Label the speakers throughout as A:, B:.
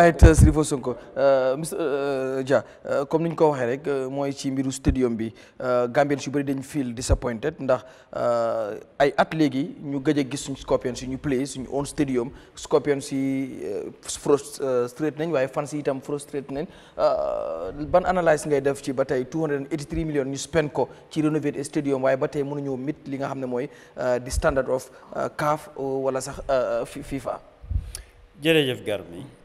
A: right euh, Sirifo Sonko euh, Mr euh, Dia comme ni ñu ko waxee rek mooy ci mbiru stadium bi Gambien su bëri dañ feel disappointed ndax ay at léegi ñu gëj a gis suñu Scorpions suñu play suñu own stadium Scorpions si frustrate nañ waaye fans yi itam frustrate nañ ban analyse ngay def ci ba tey 283 millions ñu spend ko ci rénover stadium waaye ba tey mënuñoo mit li nga xam ne mooy di standard of CAF wala sax FIFA. jërëjëf Garmi.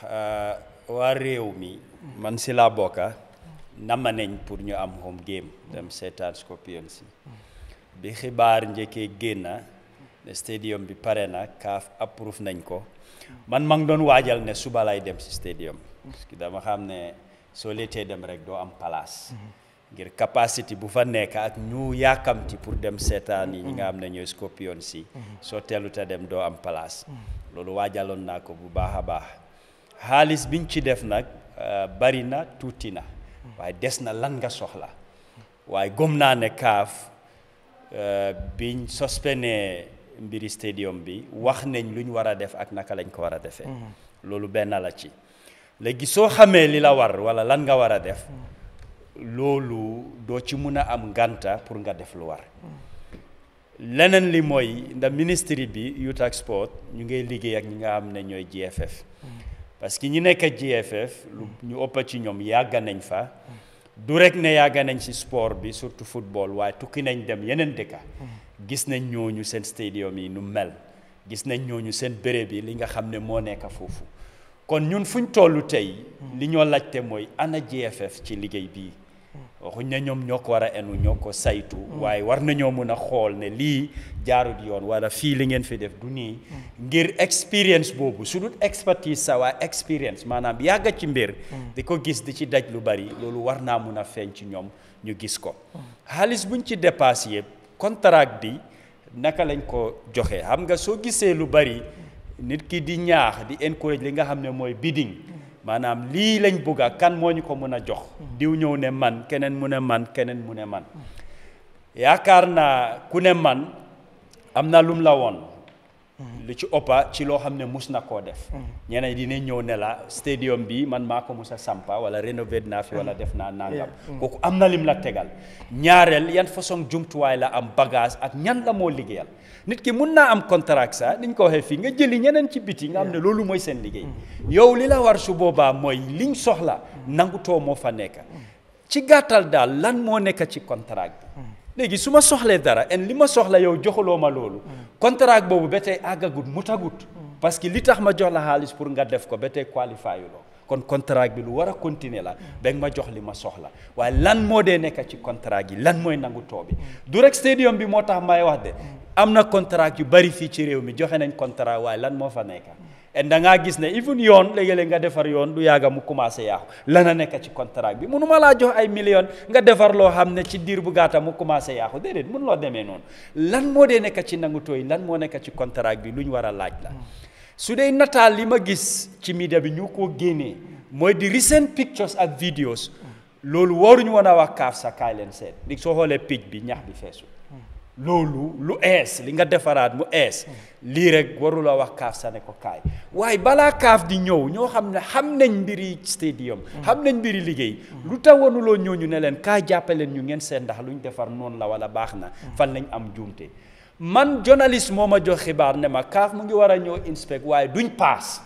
A: Uh, wa rew mi man si la boka nama nañ pour ñu am home game dem setan scorpion si, bi xibar ñeke stadium bi paré na kaaf approve nañ ko man mang don doon ne suba lay dem si stadium parce que dama xam ne soo dem rek do am place ngir capacity bu fa nek ak ñu yàkkamti pour dem setan yi nga am na ñoy scorpion si soo teeluta dem do am place lolu wajalon nako nako bu baaxa baax xaalis biñ ci def nag euh, bari na tuuti na waaye des na lan nga soxla waaye gom naa ne kaaf euh, biñ sospenee mbiri stadium bi wax nañ luñ ñu war a def ak naka lañ ko war a defee mm-hmm. loolu benn la ci léegi soo xamee li la war walla lan nga war a def mm-hmm. loolu doo ci mun a am ngànta pour nga def lu war mm-hmm. leneen li mooy ndax ministry bi youth ak sport ñu ngay liggéey ak ñi nga am ne ñooy GFF parce que ñi nekk GFF lu ñu ëpp ci ñoom yàgg nañ fa du rek ne yàgg nañ ci sport bi surtout football waaye tukki nañ dem yeneen dëkka gis nañ ñooñu seen stadium yi nu mel gis nañ ñooñu seen béréb yi li nga xam ne moo nekk foofu kon ñun fuñ tollu tey li ñoo laajte mooy ana GFF ci liggéey bii waxuñ ne ñoom ñoo ko war a enu ñoo ko saytu mm. waaye war nañoo mën a xool ne lii jaarut yoon wala fii li ngeen fi def du nii mm. ngir expérience boobu su dul expertise sa waa expérience maanaam yàgga ci mbir mm. di ko gis di ci daj lu bari loolu war naa mën a feeñ ci ñoom ñu gis ko xaalis buñ ci dépasse yëpp contrat bi naka lañ ko joxe xam nga soo gisee lu bari nit ki di ñaax di encourage li nga xam ne mooy bidding maanaam lii lañ bugg a kan moo ñu ko mën a jox diw ñëw ne man keneen mu ne man keneen mu ne man yaakaar naa ku ne man am na lum la woon Mm. lu ci ëppa ci loo xam ne mus na koo def. Mm. ñeneen dina ñëw ne la stadium bi man maa ko mus a sampa wala rénové naa fi mm. wala def naa nangam. kooku am na lim la tegal. ñaareel yan façon jumtuwaay la am bagage ak ñan la moo liggéeyal nit ki mun naa am contrat sax niñ ko waxee fii nga jëli ñeneen ci biti nga xam ne loolu mooy seen liggéey. yow li la war su boobaa mooy liñ soxla. nangu nangutoo moo fa nekk. ci gàttal daal lan moo nekk ci contrat léegi su ma soxlee dara en li ma soxla yow joxuloo ma loolu mm. contrat boobu ba tey àggagut mutagut mm. parce que li tax ma jox la xaalis pour nga def ko ba tey qualifié kon contrat bi lu war a continuer la mm. ba ma jox li ma soxla waaye lan moo dee nekk ci contrat gi lan mooy nangu too bi du rek stadium bi moo tax may wax de am na contrat yu bari fii ci réew mi joxe nañ contrat waaye lan moo fa nekk et da ngaa gis ne even yoon léegi-léeg nga defar yoon du yàgga mu commencé yàqu lana nekk ci contrat bi mënu ma laa jox ay million nga defar loo xam ne ci diir bu gàtta mu commencé yàqu déedéet mënu loo demee noonu lan moo dee nekk ci nangu tooy lan moo nekk ci contrat bi lu ñu war a laaj la su dee nataal li ma gis ci media bi ñu ko génnee mooy di recent pictures ak videos loolu waruñu woon a wax kaaf sa kaay leen seet soo xoolee picc bi ñax bi feesu loolu lu ees li nga defaraat mu ees lii rek warula wax kaaf sa ne ko kaay waaye balaa kaaf di ñëw ñoo xam ne xam nañ mbiri stadium xam nañ mbiri liggéey lu tawanuloo ñooñu ne leen kaay jàppaleen ñu ngeen seen ndax lu defar noonu la wala baax na fan lañ am juumte man journaliste moo ma jox xibaar ne ma kaaf mu ngi war a ñëw inspect waaye duñ paas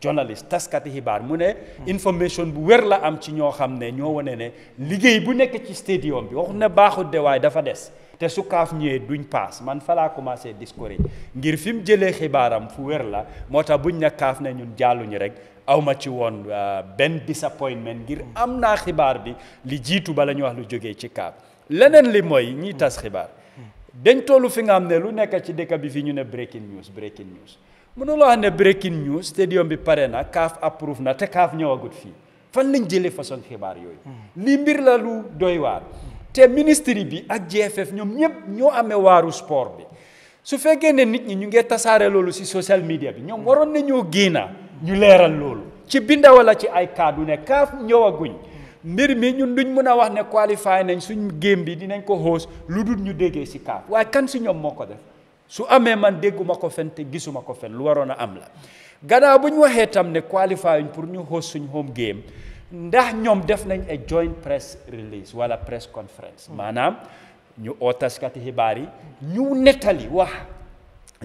A: journaliste taskati xibaar mu ne information bu wër la am ci ñoo xam ne ñoo wane ne liggéey bu nekk ci stadium bi waxu ne baaxut de waaye dafa des te su kaaf ñëwee duñ paas man fa laa commencé discours ngir fi mu jëlee xibaaram fu wér la moo tax buñ ne kaaf ne ñun jàlluñu rek aw ma ci woon euh, benn disappointment ngir am naa xibaar bi li jiitu bala ñu wax lu jógee ci kaaf leneen li mooy ñii tas xibaar dañ tollu fi nga xam ne lu nekk ci dëkk bi fi ñu ne breaking news breaking news mënuloo xam ne breaking news stadium bi pare na kaaf approuve na te kaaf ñëwagut fii fan lañ jëlee façon xibaar yooyu. Hmm. lii te ministre bi ak GFF ñoom ñëpp ñoo amee waaru sport bi su fekkee ne nit ñi ñu ngi tasaare loolu si social media bi ñoom waroon nañoo génna ñu leeral loolu ci binda wala ci ay kaddu ne kaaf ñëwaguñ mbir mi ñun duñ mën a wax ne qualifié nañ suñ game bi dinañ ko hoos lu dul ñu déggee si kaaf waaye kan si ñoom moo ko def su amee man dégguma ko fen te gisuma ko fen lu waroon a am la gannaaw bu ñu waxee tam ne qualifié wuñ pour ñu hoos suñ home game ndax ñoom def nañ ay joint press release wala press conference hmm. maanaam ñu oo taskati xibaar yi ñu nettali wax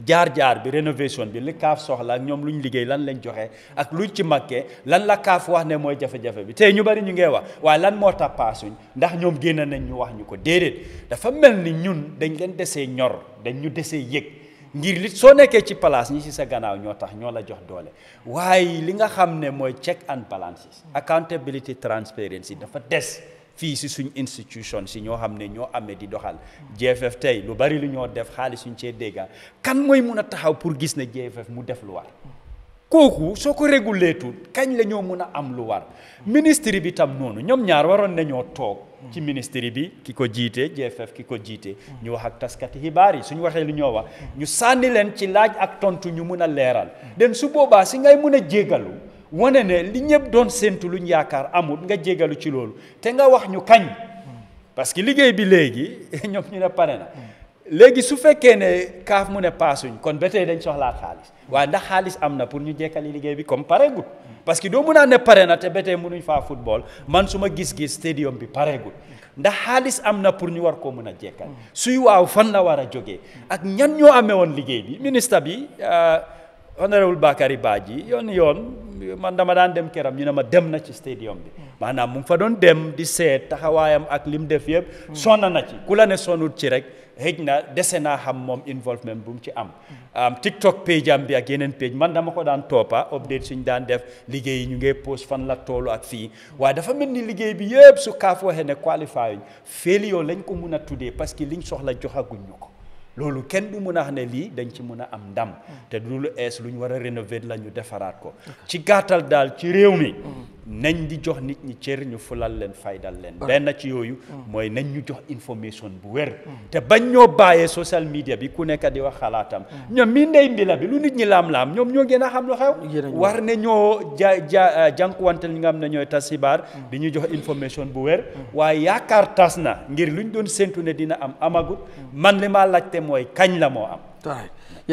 A: jaar-jaar bi rénovation bi li kaaf soxla ak ñoom lu ñu liggéey lan lañ joxe ak luñ ci màkkee lan la kaaf wax ne mooy jafe-jafe bi tey ñu bari ñu ngee wax waaye lan moo tappaasuñ ndax ñoom génn nañ ñu wax ñu ko déedéet dafa mel ni ñun dañ leen desee ñor dañ ñu desee yëg ngir li soo nekkee ci place ñi si sa gannaaw ñoo tax ñoo la jox doole waaye li nga xam ne mooy check and balances accountability transparency dafa des fii si suñ institution si ñoo xam ne ñoo amee di doxal GFF tey lu bari lu ñoo def xaalis suñ cee dégga kan mooy mun a taxaw pour gis ne GFF mu def lu war kooku soo ko régulee tuut kañ la ñoo mun a am lu war ministre bi tam noonu ñoom ñaar waroon nañoo toog ci ministre bi ki ko jiite JFF ki ko jiite ñu wax ak taskati xibaar yi suñu waxee lu ñoo wax ñu sànni leen ci laaj ak tontu ñu mun a leeral den su boobaa si ngay mun a jégalu wane ne li ñëpp doon séntu luñ yaakaar amul nga jégalu ci loolu te nga wax ñu kañ parce que liggéey bi léegi ñoom ñu ne pare na léegi su fekkee ne kaaf mu ne paasuñ kon ba tey dañ soxlaat xaalis waaye ndax xaalis am na pour ñu jekkali liggéey bi comme pareegul parce que doo mun a ne pare na te ba tey mënuñ faa football man su ma gis-gis stadium bi pareegul ndax am na pour ñu war koo mun a jekkal suy waaw fan la war a jógee ak ñan ñoo amee woon liggéey bi ministre bi euh, honorable Bakary Badji yoon yoon man dama daan dem këram ñu ne ma dem na ci stadium bi maanaam mu fa doon dem di seet taxawaayam ak lim def yëpp sonna na ci ku la ne sonnut ci rek xëj na dese naa xam moom involvement bu mu ci am TikTok page am bi ak yeneen page man dama ko daan toppa update suñ daan def liggéey yi ñu ngee post fan la toolu ak fii waaye dafa mel ni liggéey bi yëpp su kaaf waxee ne qualify yoo lañ ko mun a tuddee parce que liñ soxla joxaguñ ñu ko loolu kenn du mun a xam ne lii dañ ci mun a am ndam mm. te du lu ees lu ñu war a rénover la ñu defaraat ko ci gàttal daal ci réew mi mm. nañ di jox nit ñi cër ñu fulal leen faydal leen ah. benn ci yooyu ah. mooy nañ ñu jox information bu wér te bañ ñoo bàyyee social media bi ku nekk di wax xalaatam ah. ñoom mii ndey mbila bi lu nit ñi laam-laam ñoom ñoo gën a xam lu xew war ne ñoo ja ja jànkuwantel ñi nga xam ne ñooy tas xibaar di ñu jox information bu wér waaye yaakaar tas na ngir luñ doon séntu ne dina am amagut man li ma laajte mooy kañ la moo am